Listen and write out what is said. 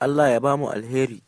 Allah ya bamu alheri